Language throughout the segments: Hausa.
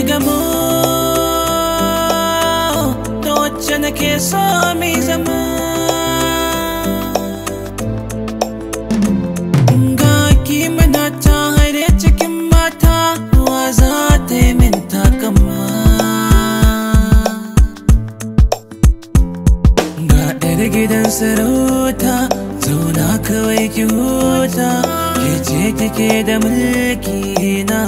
shiga mu wacce nake so mai zama ga kimana ta haire cikin mata ruwa za ta yi min takama ga ɗar gidan sarauta zauna kawai ki huta ke ce kike da mulki na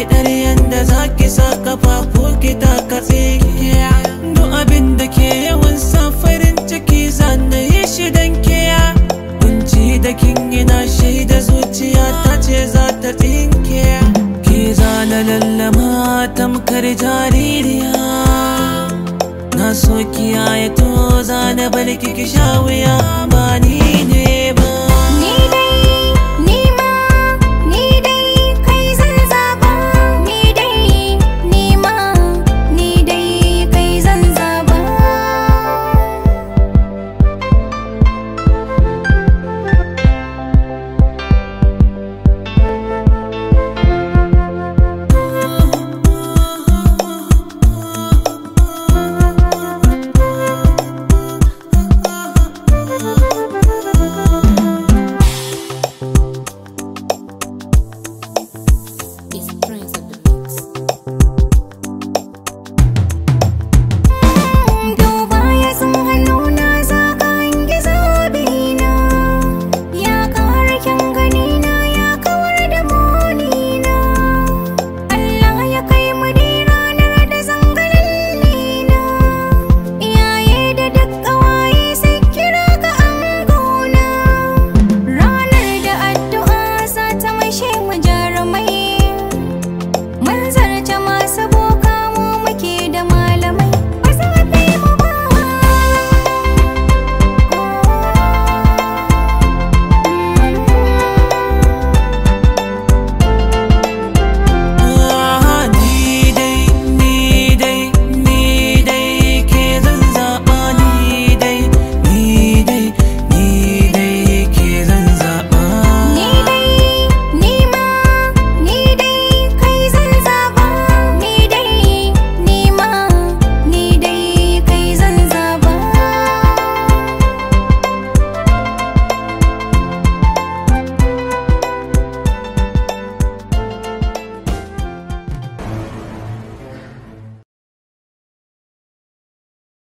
bidar yanda zaki sa kafafu ki ta katse duk abin da ke yawan sa farin ciki zan yi shi dan ke kunci da kin yana shaida zuciya ta ce za ta tsinke ki zana lallama tamkar jaririya na so kiyaye to zana barki ki sha wuya ba ni ne ba